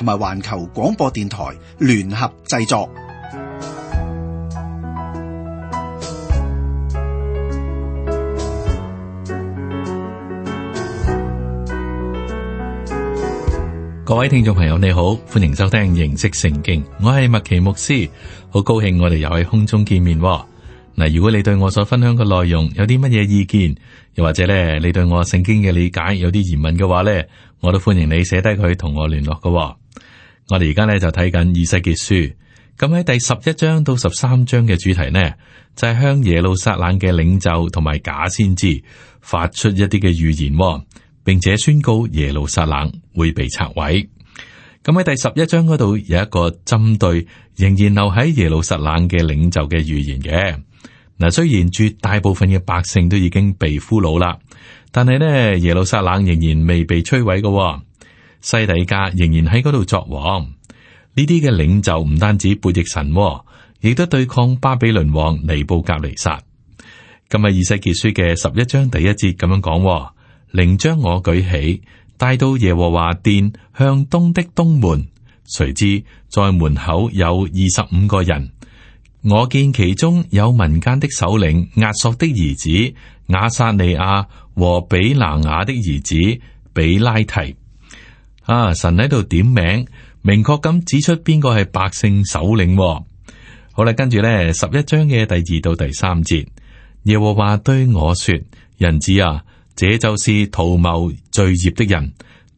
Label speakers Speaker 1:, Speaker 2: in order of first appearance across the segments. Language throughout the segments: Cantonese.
Speaker 1: 同埋環球廣播電台聯合製作。各位聽眾朋友，你好，歡迎收聽認識聖經。我係麥奇牧師，好高興我哋又喺空中見面。嗱，如果你對我所分享嘅內容有啲乜嘢意見，又或者咧你對我聖經嘅理解有啲疑問嘅話咧，我都歡迎你寫低佢同我聯絡㗎。我哋而家咧就睇緊《以西結書》，咁喺第十一章到十三章嘅主題呢，就係向耶路撒冷嘅領袖同埋假先知發出一啲嘅預言、哦，並且宣告耶路撒冷會被拆毀。咁喺第十一章嗰度有一個針對仍然留喺耶路撒冷嘅領袖嘅預言嘅。嗱，雖然絕大部分嘅百姓都已經被俘虜啦，但係呢耶路撒冷仍然未被摧毀噶、哦。西底家仍然喺嗰度作王。呢啲嘅領袖唔單止背逆神、哦，亦都對抗巴比倫王尼布甲尼撒。今日以西結書嘅十一章第一節咁樣講、哦：靈將我舉起，帶到耶和華殿向東的東門。誰知在門口有二十五個人，我見其中有民間的首領壓索的兒子亞薩尼亞和比拿雅的兒子比拉提。啊！神喺度點名，明確咁指出邊個係百姓首領啊。好啦，跟住咧，十一章嘅第二到第三節，耶和華對我說：人子啊，這就是圖謀罪孽的人，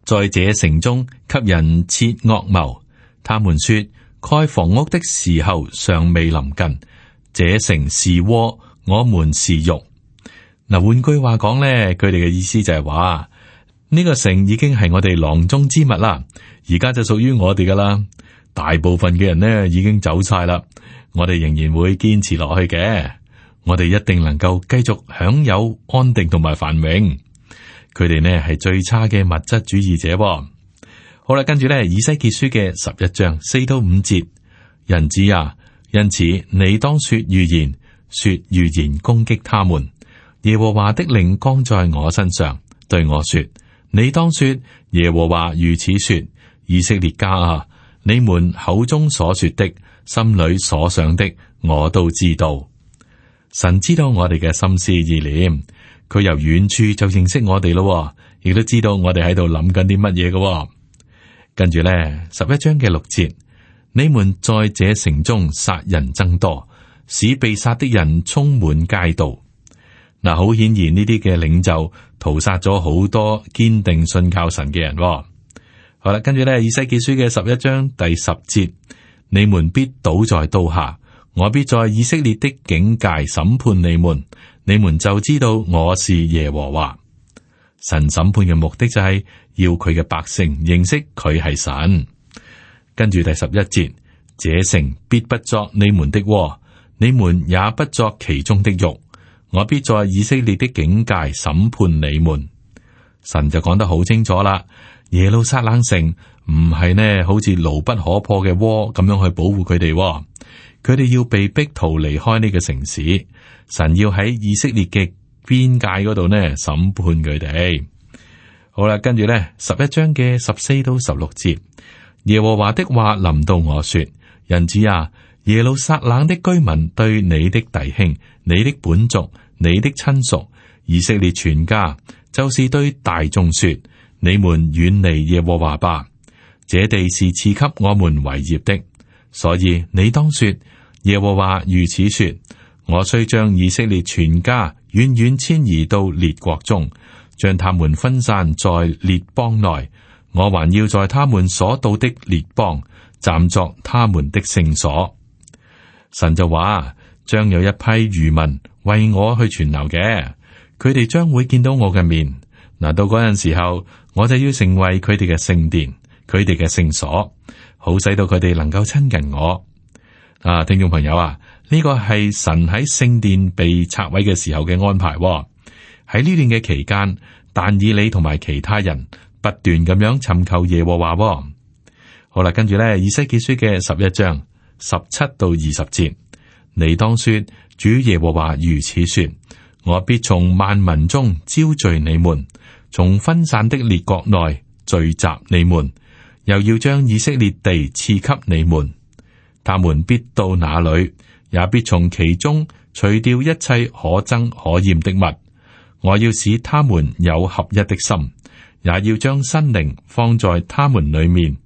Speaker 1: 在這城中給人設惡謀。他們說：蓋房屋的時候尚未臨近，這城是窩，我們是肉。嗱，換句話講咧，佢哋嘅意思就係話。呢個城已經係我哋囊中之物啦，而家就屬於我哋噶啦。大部分嘅人呢已經走晒啦，我哋仍然會堅持落去嘅。我哋一定能夠繼續享有安定同埋繁榮。佢哋呢係最差嘅物質主義者。好啦，跟住呢以西結書嘅十一章四到五節，人子啊，因此你當說預言，說預言攻擊他們。耶和華的靈降在我身上，對我說。你當說耶和華如此說：以色列家啊，你們口中所說的，心裏所想的，我都知道。神知道我哋嘅心思意念，佢由遠處就認識我哋咯，亦都知道我哋喺度諗緊啲乜嘢嘅。跟住咧，十一章嘅六節，你們在這城中殺人增多，使被殺的人充滿街道。嗱，好顯然呢啲嘅領袖屠殺咗好多堅定信靠神嘅人。好啦，跟住咧，以西結書嘅十一章第十節，你們必倒在刀下，我必在以色列的境界審判你們，你們就知道我是耶和華。神審判嘅目的就係要佢嘅百姓認識佢係神。跟住第十一節，這城必不作你們的窩，你們也不作其中的肉。我必在以色列的境界審判你們，神就講得好清楚啦。耶路撒冷城唔係呢，好似牢不可破嘅窩咁樣去保護佢哋，佢哋要被逼逃離開呢個城市。神要喺以色列嘅邊界嗰度呢，審判佢哋。好啦，跟住呢十一章嘅十四到十六節，耶和華的話臨到我說：人子啊，耶路撒冷的居民對你的弟兄、你的本族。你的親屬以色列全家，就是對大眾說：你們遠離耶和華吧。這地是賜給我們為業的，所以你當說：耶和華如此說：我雖將以色列全家遠遠遷移到列國中，將他們分散在列邦內，我還要在他們所到的列邦，暫作他們的聖所。神就話：將有一批漁民。為我去存留嘅，佢哋將會見到我嘅面。嗱，到嗰陣時候，我就要成為佢哋嘅聖殿，佢哋嘅聖所，好使到佢哋能夠親近我。啊，聽眾朋友啊，呢、這個係神喺聖殿被拆毀嘅時候嘅安排、喎。喺呢段嘅期間，但以理同埋其他人不斷咁樣尋求耶和華、喎。好啦，跟住咧，以西結書嘅十一章十七到二十節，你當說。主耶和華如此說：我必從萬民中招聚你們，從分散的列國內聚集你們，又要將以色列地賜給你們。他們必到那裏，也必從其中除掉一切可憎可厭的物。我要使他們有合一的心，也要將新靈放在他們裏面，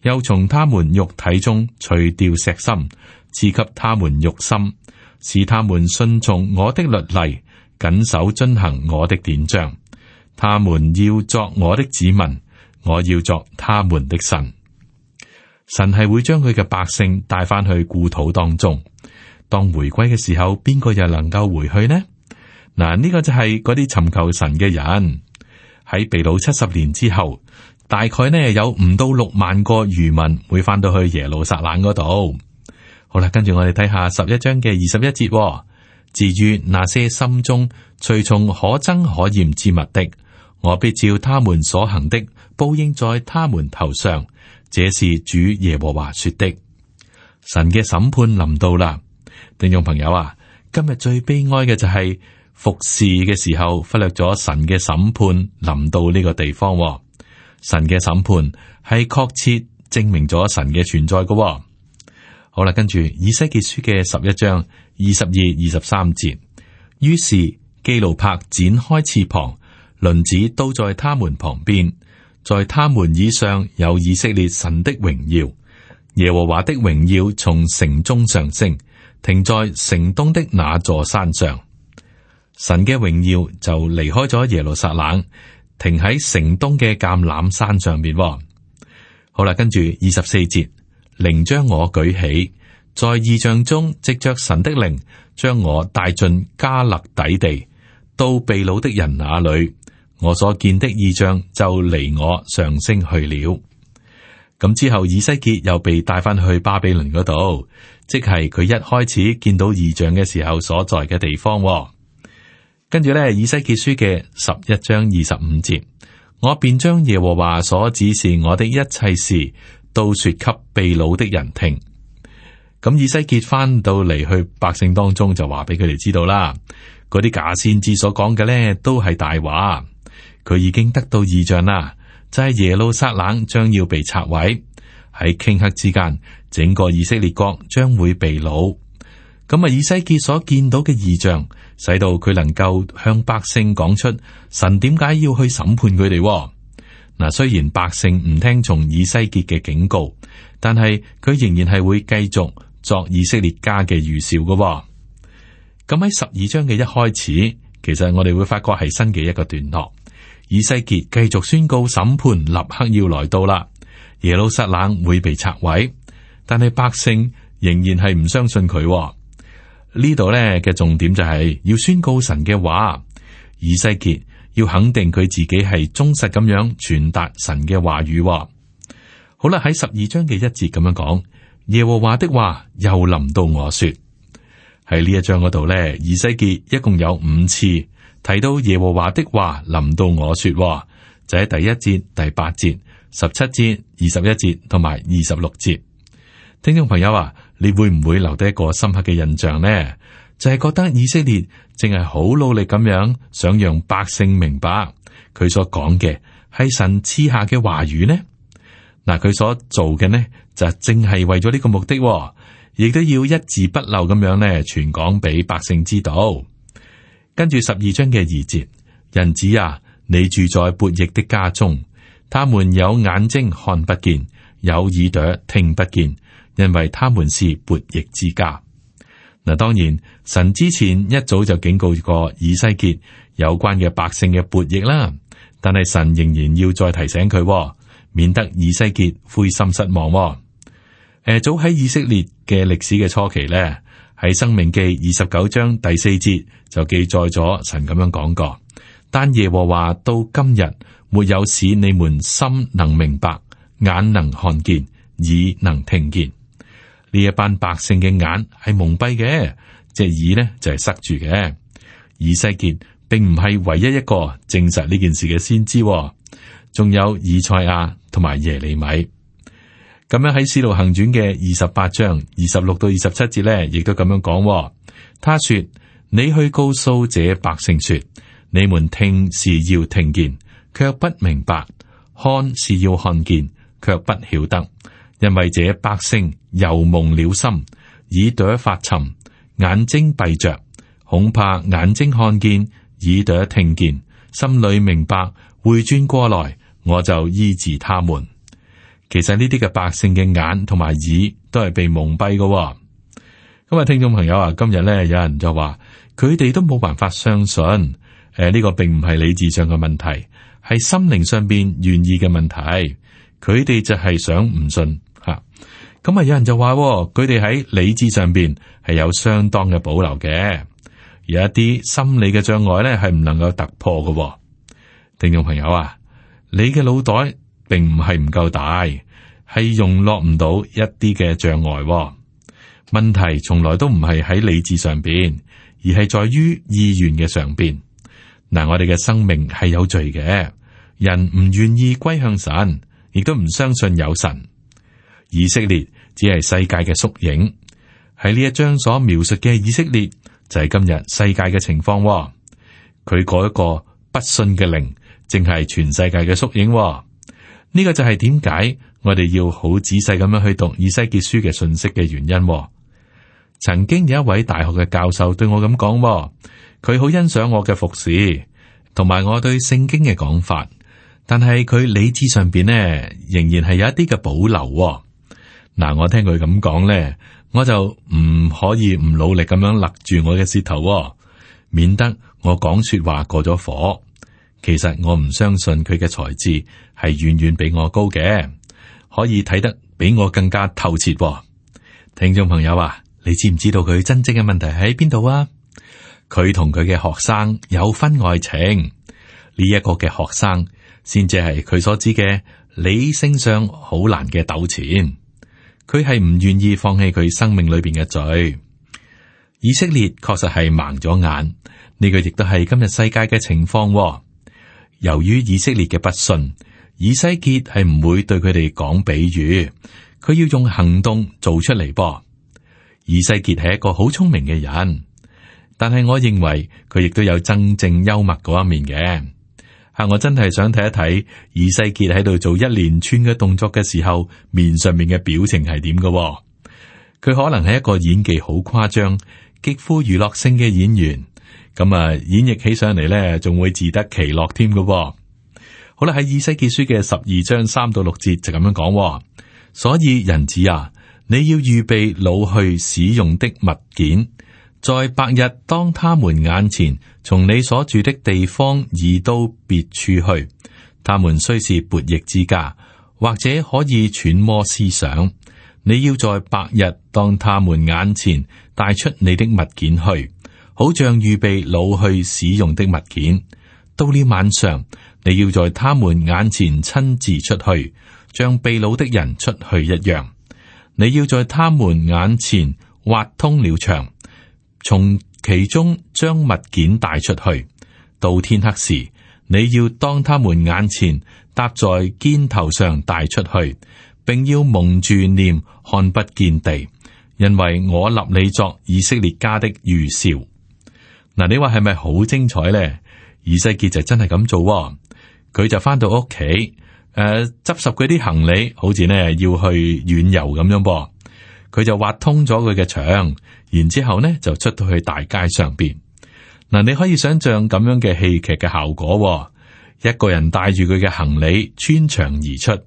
Speaker 1: 又從他們肉體中除掉石心，賜給他們肉心。使他們順從我的律例，謹守遵行我的典章。他們要作我的子民，我要作他們的神。神係會將佢嘅百姓帶翻去故土當中。當回歸嘅時候，邊個又能夠回去呢？嗱，呢、這個就係嗰啲尋求神嘅人喺被擄七十年之後，大概呢有唔到六萬個餘民會翻到去耶路撒冷嗰度。好啦，跟住我哋睇下十一章嘅二十一節，哦，至於那些心中隨從可憎可厭之物的，我必照他們所行的報應在他們頭上。這是主耶和華說的。神嘅審判臨到啦，聽眾朋友啊，今日最悲哀嘅就係服侍嘅時候忽略咗神嘅審判臨到呢個地方，哦。神嘅審判係確切證明咗神嘅存在嘅，哦。好啦，跟住以西結書嘅十一章二十二、二十三節，於是基路柏展開翅膀，輪子都在他們旁邊，在他們以上有以色列神的榮耀，耶和華的榮耀從城中上升，停在城東的那座山上。神嘅榮耀就離開咗耶路撒冷，停喺城東嘅橄欖山上邊。好啦，跟住二十四節。靈將我舉起，在異象中藉着神的靈，將我帶進迦勒底地，到被擄的人那裏，我所見的異象就離我上升去了。咁之後，以西結又被帶翻去巴比倫嗰度，即係佢一開始見到異象嘅時候所在嘅地方。跟住呢，以西結書嘅十一章二十五節，我便將耶和華所指示我的一切事。都說給被擄的人聽，咁以西結翻到嚟，去百姓當中就話俾佢哋知道啦，嗰啲假先知所講嘅呢，都係大話，佢已經得到異象啦，就係耶路撒冷將要被拆毀，喺頃刻之間，整個以色列國將會被擄。咁啊，以西結所見到嘅異象，使到佢能夠向百姓講出神點解要去審判佢哋。嗱，雖然百姓唔聽從以西結嘅警告，但係佢仍然係會繼續作以色列家嘅預兆㗎、哦。咁喺十二章嘅一開始，其實我哋會發覺係新嘅一個段落。以西結繼續宣告審判立刻要來到啦，耶路撒冷會被拆毀，但係百姓仍然係唔相信佢、哦。呢度咧嘅重點就係、是、要宣告神嘅話，以西結。要肯定佢自己係忠實咁樣傳達神嘅話語、哦。好啦，喺十二章嘅一節咁樣講，耶和華的話又臨到我說。喺呢一章嗰度咧，以西結一共有五次提到耶和華的話臨到我說、哦，就喺第一節、第八節、十七節、二十一節同埋二十六節。聽眾朋友啊，你會唔會留低一個深刻嘅印象呢？就係覺得以色列正係好努力咁樣，想讓百姓明白佢所講嘅係神賜下嘅話語呢？嗱，佢所做嘅呢就正係為咗呢個目的，亦都要一字不漏咁樣呢傳講俾百姓知道。跟住十二章嘅二節，人子啊，你住在悖逆的家中，他們有眼睛看不見，有耳朵聽不見，因為他們是悖逆之家。嗱，當然神之前一早就警告過以西結有關嘅百姓嘅悖逆啦，但係神仍然要再提醒佢，免得以西結灰心失望。誒、呃，早喺以色列嘅歷史嘅初期呢，喺《申命記》二十九章第四節就記載咗神咁樣講過，但耶和華到今日沒有使你們心能明白，眼能看見，耳能聽見。呢一班百姓嘅眼係蒙蔽嘅，隻耳呢，就係、是、塞住嘅。以西結並唔係唯一一個證實呢件事嘅先知、哦，仲有以賽亞同埋耶利米。咁樣喺《使徒行傳》嘅二十八章二十六到二十七節呢，亦都咁樣講、哦。他說：你去告訴這百姓說，你們聽是要聽見，卻不明白；看是要看見，卻不曉得。因為這百姓油蒙了心，耳朵發沉，眼睛閉着，恐怕眼睛看見，耳朵聽見，心裏明白，會轉過來，我就醫治他們。其實呢啲嘅百姓嘅眼同埋耳都係被蒙蔽嘅。咁啊，聽眾朋友啊，今日咧有人就話，佢哋都冇辦法相信。誒、呃，呢、呢個並唔係理智上嘅問題，係心靈上邊願意嘅問題。佢哋就係想唔信。咁啊！有人就話佢哋喺理智上邊係有相當嘅保留嘅，有一啲心理嘅障礙咧係唔能夠突破嘅。聽眾朋友啊，你嘅腦袋並唔係唔夠大，係容落唔到一啲嘅障礙。問題從來都唔係喺理智上邊，而係在於意願嘅上邊。嗱，我哋嘅生命係有罪嘅，人唔願意歸向神，亦都唔相信有神。以色列只係世界嘅縮影，喺呢一章所描述嘅以色列就係、是、今日世界嘅情況、喎。佢嗰一個不信嘅靈，正係全世界嘅縮影、喎。呢、這個就係點解我哋要好仔細咁樣去讀以西結書嘅信息嘅原因、喎。曾經有一位大學嘅教授對我咁講、哦，佢好欣賞我嘅服侍同埋我對聖經嘅講法，但係佢理智上邊呢仍然係有一啲嘅保留、喎。嗱、啊，我聽佢咁講咧，我就唔可以唔努力咁樣勒住我嘅舌頭、哦，免得我講說話過咗火。其實我唔相信佢嘅才智係遠遠比我高嘅，可以睇得比我更加透徹、哦。聽眾朋友啊，你知唔知道佢真正嘅問題喺邊度啊？佢同佢嘅學生有婚外情呢一、這個嘅學生，先至係佢所知嘅理性上好難嘅糾纏。佢係唔願意放棄佢生命裏邊嘅罪。以色列確實係盲咗眼，呢個亦都係今日世界嘅情況哦。由於以色列嘅不信，以西結係唔會對佢哋講比喻，佢要用行動做出嚟噃。以西結係一個好聰明嘅人，但係我認為佢亦都有真正幽默嗰一面嘅。吓，我真係想睇一睇以西結喺度做一連串嘅動作嘅時候面上面嘅表情係點嘅？佢可能係一個演技好誇張、極富娛樂性嘅演員，咁啊演繹起上嚟呢，仲會自得其樂添嘅。好啦，喺《以西結書》嘅十二章三到六節就咁樣講，哦，所以人子啊，你要預備老去使用的物件。在白日，當他們眼前從你所住的地方移到別處去，他們雖是悖逆之家，或者可以揣摩思想。你要在白日當他們眼前帶出你的物件去，好像預備擄去使用的物件。到了晚上，你要在他們眼前親自出去，像被擄的人出去一樣。你要在他們眼前挖通了牆。從其中將物件帶出去，到天黑時，你要當他們眼前搭在肩頭上帶出去，並要蒙住臉，看不見地，因為我立你作以色列家的預兆。嗱，你話係咪好精彩呢？以西結就真係咁做，佢就翻到屋企，誒、呃，執拾佢啲行李，好似呢要去遠遊咁樣噃。佢就挖通咗佢嘅牆，然之後呢就出到去大街上邊嗱。你可以想象咁樣嘅戲劇嘅效果喎，一個人帶住佢嘅行李穿牆而出，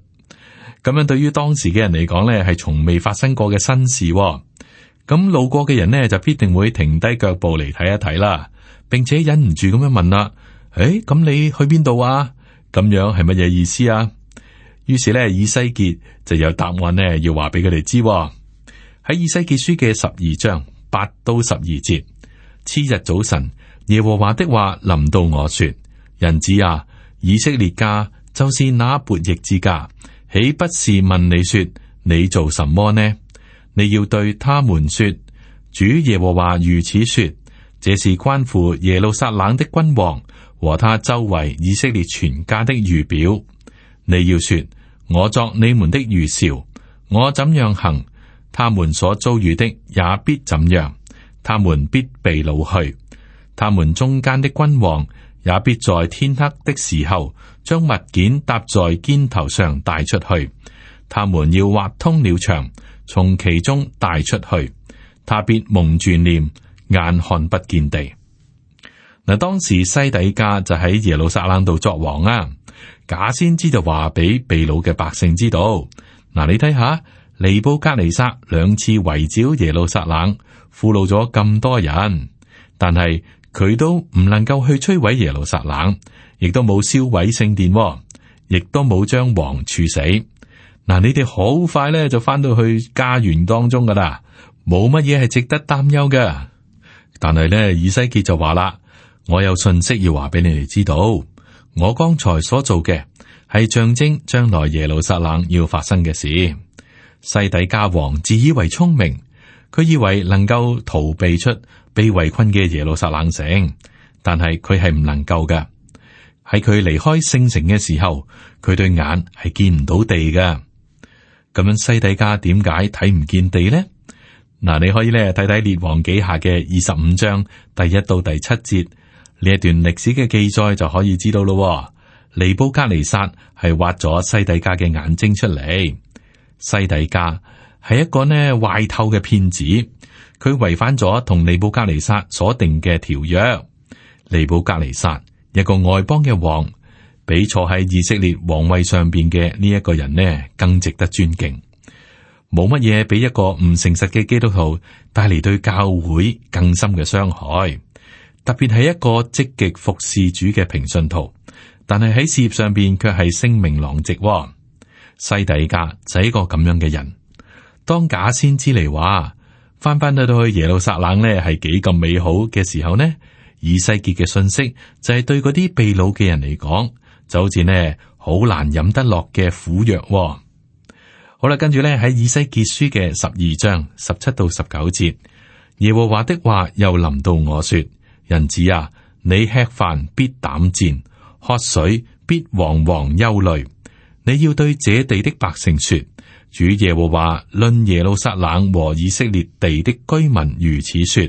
Speaker 1: 咁樣對於當時嘅人嚟講呢，係從未發生過嘅新事喎。咁路過嘅人呢就必定會停低腳步嚟睇一睇啦，並且忍唔住咁樣問啦：誒、哎，咁你去邊度啊？咁樣係乜嘢意思啊？於是呢，以西結就有答案呢，要話俾佢哋知。喺《以西結書》嘅十二章八到十二節，次日早晨，耶和華的話臨到我說：人子啊，以色列家就是那叛逆之家，豈不是問你說你做什麼呢？你要對他們說：主耶和華如此說，這是關乎耶路撒冷的君王和他周圍以色列全家的預表。你要說：我作你們的預兆，我怎樣行？他們所遭遇的也必怎樣，他們必被擄去，他們中間的君王也必在天黑的時候將物件搭在肩頭上帶出去，他們要挖通了牆，從其中帶出去，他必蒙住臉，眼看不見地。嗱，當時西底家就喺耶路撒冷度作王啊，假先知就話俾被擄嘅百姓知道，嗱，你睇下。尼布甲尼撒兩次圍剿耶路撒冷，俘虜咗咁多人，但係佢都唔能夠去摧毀耶路撒冷，亦都冇燒毀聖殿，亦都冇將王處死。嗱，你哋好快咧就返到去家園當中噶啦，冇乜嘢係值得擔憂嘅。但係咧，以西結就話啦：我有信息要話俾你哋知道，我剛才所做嘅係象徵將來耶路撒冷要發生嘅事。西底家王自以為聰明，佢以為能夠逃避出被圍困嘅耶路撒冷城，但係佢係唔能夠噶。喺佢離開聖城嘅時候，佢對眼係見唔到地噶。咁樣西底家點解睇唔見地呢？嗱，你可以咧睇睇列王記下嘅二十五章第一到第七節呢一段歷史嘅記載就可以知道咯。尼布加尼撒係挖咗西底家嘅眼睛出嚟。西底家係一個呢壞透嘅騙子，佢違反咗同尼布甲尼撒所定嘅條約。尼布甲尼撒一個外邦嘅王，比坐喺以色列皇位上邊嘅呢一個人呢更值得尊敬。冇乜嘢比一個唔誠實嘅基督徒帶嚟對教會更深嘅傷害，特別係一個積極服侍主嘅平信徒，但係喺事業上邊卻係聲名狼藉。西底家就係一個咁樣嘅人，當假先知嚟話翻翻去到去耶路撒冷呢，係幾咁美好嘅時候呢？以西結嘅信息就係對嗰啲被擄嘅人嚟講，就好似呢好難飲得落嘅苦藥。好啦，跟住呢喺以西結書嘅十二章十七到十九節，耶和華的話又臨到我說：人子啊，你吃飯必膽戰，喝水必惶惶憂慮。你要對這地的百姓說：主耶和華論耶路撒冷和以色列地的居民如此說：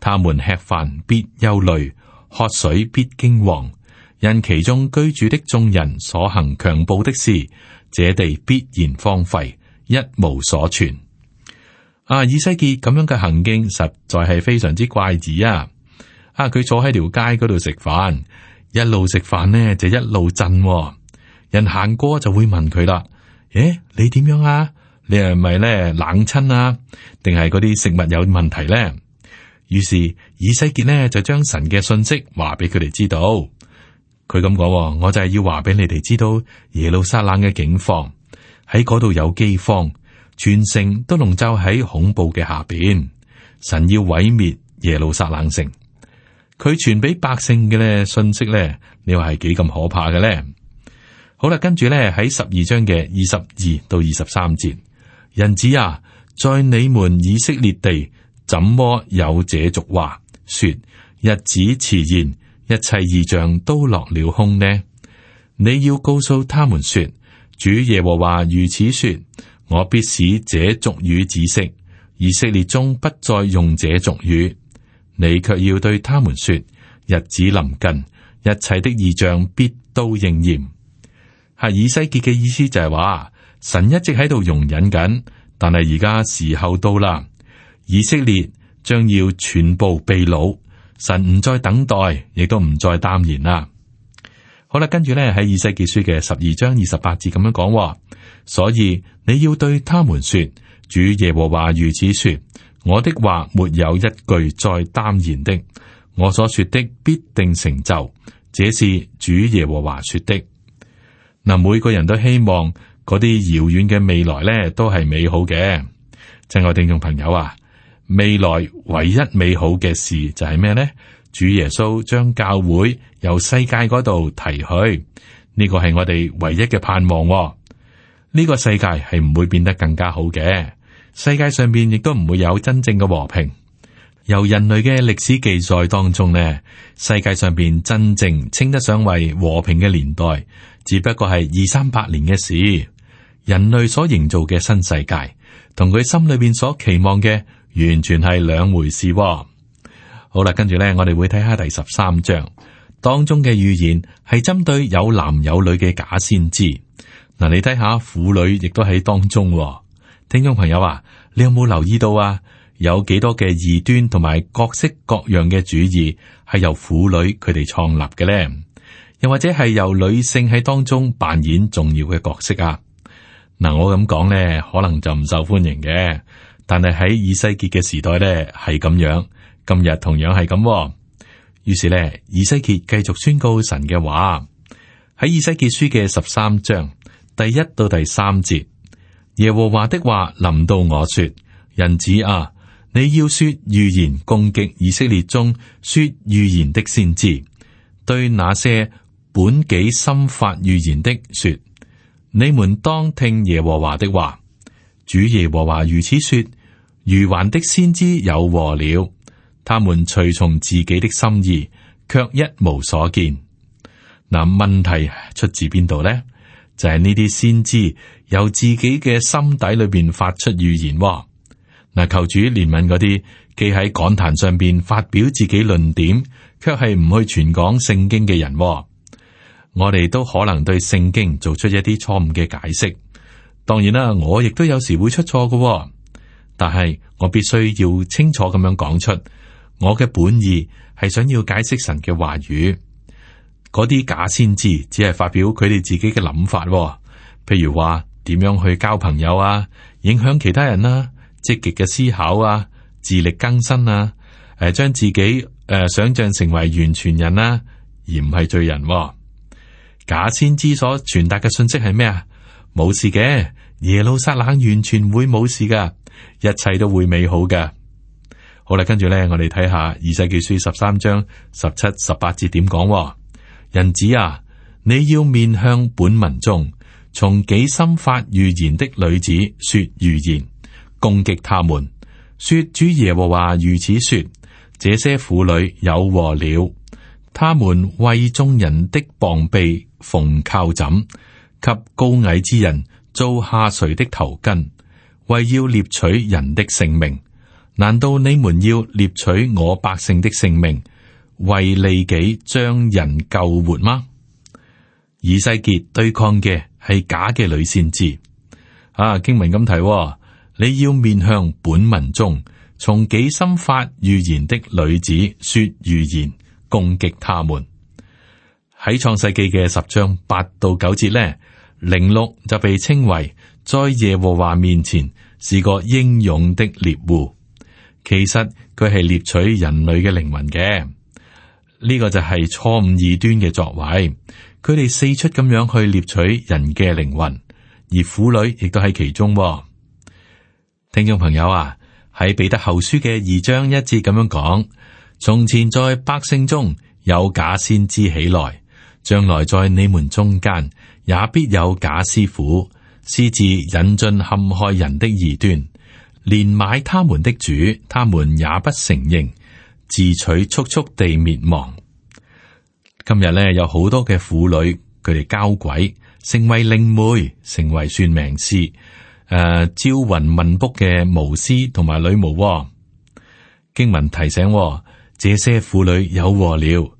Speaker 1: 他們吃飯必憂慮，喝水必驚惶，因其中居住的眾人所行強暴的事，這地必然荒廢，一無所存。啊，以西結咁樣嘅行徑實在係非常之怪異啊！啊，佢坐喺條街嗰度食飯，一路食飯呢，就一路震啊。人行過就會問佢啦。誒、欸，你點樣啊？你係咪咧冷親啊？定係嗰啲食物有問題咧？於是以西結呢就將神嘅信息話俾佢哋知道。佢咁講，我就係要話俾你哋知道，耶路撒冷嘅境況喺嗰度有饑荒，全城都籠罩喺恐怖嘅下邊。神要毀滅耶路撒冷城。佢傳俾百姓嘅咧信息咧，你話係幾咁可怕嘅咧？好啦，跟住咧喺十二章嘅二十二到二十三節，人子啊，在你們以色列地，怎麼有這俗話說日子遲延，一切異象都落了空呢？你要告訴他們說，主耶和華如此說：我必使這俗語止息，以色列中不再用這俗語。你卻要對他們說：日子臨近，一切的異象必都應驗。係以西結嘅意思就係話神一直喺度容忍緊，但係而家時候到啦，以色列將要全部被擄，神唔再等待，亦都唔再耽延啦。好啦，跟住咧喺以西結書嘅十二章二十八字咁樣講話，所以你要對他們說：主耶和華如此說，我的話沒有一句再耽延的，我所說的必定成就，這是主耶和華說的。嗱，每個人都希望嗰啲遙遠嘅未來咧都係美好嘅。親愛聽眾朋友啊，未來唯一美好嘅事就係咩咧？主耶穌將教會由世界嗰度提去，呢、這個係我哋唯一嘅盼望，哦。呢、這個世界係唔會變得更加好嘅，世界上邊亦都唔會有真正嘅和平。由人類嘅歷史記載當中咧，世界上邊真正稱得上為和平嘅年代。只不過係二三百年嘅事，人類所營造嘅新世界，同佢心裏邊所期望嘅，完全係兩回事喎。好啦，跟住咧，我哋會睇下第十三章當中嘅預言，係針對有男有女嘅假先知。嗱，你睇下婦女亦都喺當中。聽眾朋友啊，你，看看、哦、你有冇留意到啊？有幾多嘅異端同埋各式各樣嘅主義，係由婦女佢哋創立嘅咧？又或者係由女性喺當中扮演重要嘅角色啊。嗱，我咁講呢，可能就唔受歡迎嘅。但係喺以西結嘅時代呢，係咁樣。今日同樣係咁啊。於是呢，以西結繼續宣告神嘅話喺《以西結書》嘅十三章第一到第三節。耶和華的話臨到我說：人子啊，你要說預言攻擊以色列中說預言的先知，對那些。本己心發預言的說：你們當聽耶和華的話。主耶和華如此說：愚頑的先知有禍了。他們隨從自己的心意，却一無所見。嗱，問題出自邊度呢？就係呢啲先知由自己嘅心底裏邊發出預言。嗱，求主憐憫嗰啲既喺講壇上邊發表自己論點，却係唔去全講聖經嘅人。我哋都可能對聖經做出一啲錯誤嘅解釋。當然啦，我亦都有時會出錯嘅、哦，但係我必須要清楚咁樣講出我嘅本意係想要解釋神嘅話語。嗰啲假先知只係發表佢哋自己嘅諗法、哦，譬如話點樣去交朋友啊，影響其他人啦、啊，積極嘅思考啊，自力更生啊，誒、呃，將自己誒、呃、想象成為完全人啦、啊，而唔係罪人、哦。假先知所傳達嘅信息係咩啊？冇事嘅，耶路撒冷完全會冇事噶，一切都會美好噶。好啦，跟住咧，我哋睇下《以西結書》十三章十七、十八節點講。人子啊，你要面向本民中，從己心發預言的女子說預言，攻擊他們，說主耶和華如此說：這些婦女有禍了，他們為眾人的膀臂。逢靠枕給高矮之人做下垂的頭巾，為要獵取人的性命。難道你們要獵取我百姓的性命，為利己將人救活嗎？以西結對抗嘅係假嘅女先知啊！經文咁提，你要面向本文中從己心發預言的女子說預言，攻擊他們。喺創世記嘅十章八到九節呢，零六就被稱為在耶和華面前是個英勇的獵戶。其實佢係獵取人類嘅靈魂嘅，呢、這個就係錯誤異端嘅作為。佢哋四出咁樣去獵取人嘅靈魂，而婦女亦都喺其中。聽眾朋友啊，喺彼得後書嘅二章一節咁樣講：從前在百姓中有假先知起來。將來在你們中間，也必有假師傅，私自引進陷害人的異端，連買他們的主，他們也不承認，自取速速地滅亡。今日呢，有好多嘅婦女，佢哋交鬼，成為靈媒，成為算命師，誒、呃，招魂問卜嘅巫師同埋女巫、哦。經文提醒、哦，這些婦女有禍了。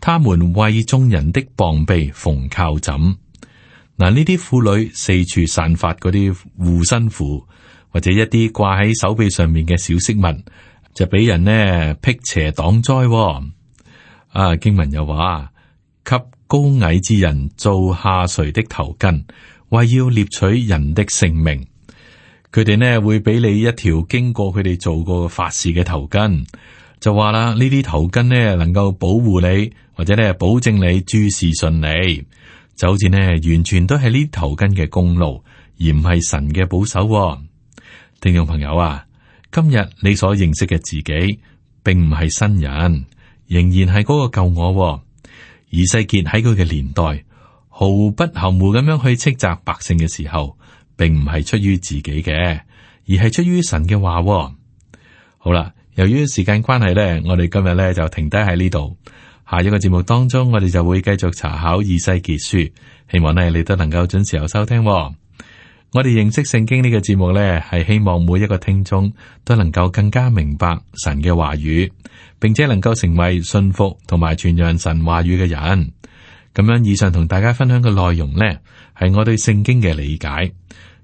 Speaker 1: 他們為眾人的膀臂縫靠枕，嗱呢啲婦女四處散發嗰啲護身符或者一啲掛喺手臂上面嘅小飾物，就俾人呢辟邪擋災、哦。啊經文又話，給高矮之人做下垂的頭巾，為要獵取人的性命。佢哋呢會俾你一條經過佢哋做過法事嘅頭巾。就話啦，呢啲頭巾呢能夠保護你，或者咧保證你諸事順利，就好似呢完全都係呢頭巾嘅功勞，而唔係神嘅保守，哦。聽眾朋友啊，今日你所認識嘅自己，並唔係新人，仍然係嗰個舊我，哦。而以西結喺佢嘅年代毫不含糊咁樣去斥責百姓嘅時候，並唔係出於自己嘅，而係出於神嘅話，哦。好啦。由於時間關係呢，我哋今日呢就停低喺呢度。下一個節目當中，我哋就會繼續查考《以西結書》，希望呢你都能夠準時有收聽。我哋認識聖經呢個節目呢，係希望每一個聽眾都能夠更加明白神嘅話語，並且能夠成為信服同埋傳揚神話語嘅人。咁樣，以上同大家分享嘅內容呢，係我對聖經嘅理解。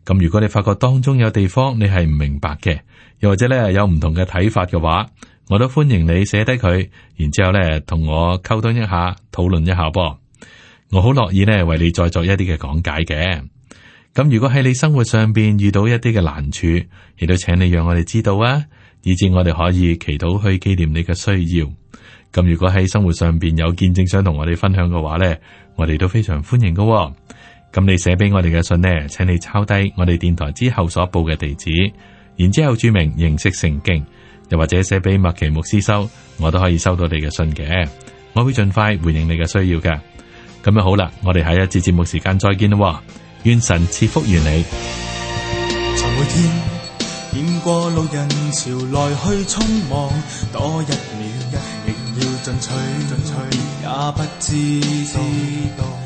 Speaker 1: 咁如果你發覺當中有地方你係唔明白嘅，又或者咧有唔同嘅睇法嘅話，我都歡迎你寫低佢，然之後咧同我溝通一下，討論一下噃，我好樂意咧為你再作一啲嘅講解嘅。咁如果喺你生活上邊遇到一啲嘅難處，亦都請你讓我哋知道啊，以致我哋可以祈禱去紀念你嘅需要。咁如果喺生活上邊有見證想同我哋分享嘅話咧，我哋都非常歡迎噶。咁你寫俾我哋嘅信呢？請你抄低我哋電台之後所報嘅地址，然之後注明認識聖經，又或者寫俾麥琪牧師收，我都可以收到你嘅信嘅，我會盡快回應你嘅需要嘅。咁樣好啦，我哋下一節節目時間再見咯，願神賜福於你。每天過路人潮，來去匆忙，多一一，秒，亦要進取，進取，也不知，知